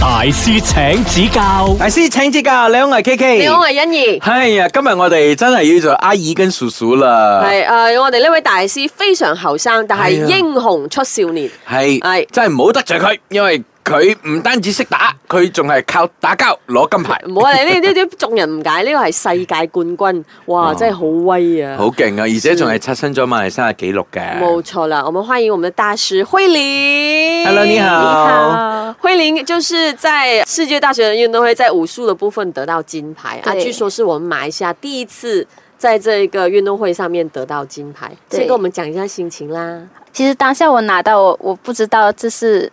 大師請指教，大師請指教。你好，我係 K K。你好，我係欣兒。係啊，今日我哋真係要做阿姨跟叔叔啦。係誒、啊，我哋呢位大師非常後生，但係英雄出少年。係係、啊，真係唔好得罪佢，因為。佢唔單止識打，佢仲係靠打交攞金牌。冇啊，呢呢啲眾人唔解呢個係世界冠軍，哇，哦、真係好威啊！好勁啊，而且仲係刷新咗馬來西亞紀錄嘅。冇錯啦，我們歡迎我們的大師慧凌。Hello，你好。你好，慧凌，就是在世界大學的運動會在武術的部分得到金牌啊，據說是我們馬來西亞第一次在這個運動會上面得到金牌。先跟我們講一下心情啦。其實當下我拿到我，我不知道這是。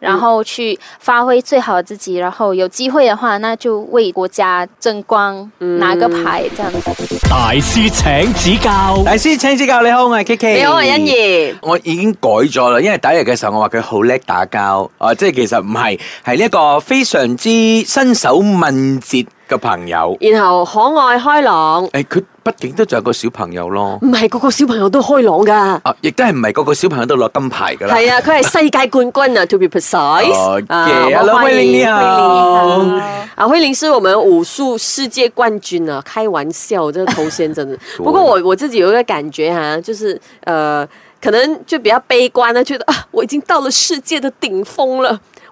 然後去發揮最好的自己，然後有機會的話，那就為國家爭光，拿個牌、嗯、這樣。大師請指教，大師請指教，你好，我係 Kiki，你好，我係欣怡。我已經改咗啦，因為第一日嘅時候我話佢好叻打交，啊，即係其實唔係，係呢一個非常之身手敏捷嘅朋友，然後可愛開朗。誒、哎，佢。畢竟都仲有個小朋友咯，唔係個個小朋友都開朗噶，啊，亦都係唔係個個小朋友都攞金牌噶啦，係 啊，佢係世界冠軍啊 ，to be precise。好、uh, yeah, 嗯，啊，歡迎啊，慧凌你好，你好 Hello. 啊，慧凌是我們武術世界冠軍啊，開玩笑，這個頭先真的。 不過我我自己有一個感覺啊，就是，呃，可能就比較悲觀啦、啊，覺得啊，我已經到了世界的頂峰了。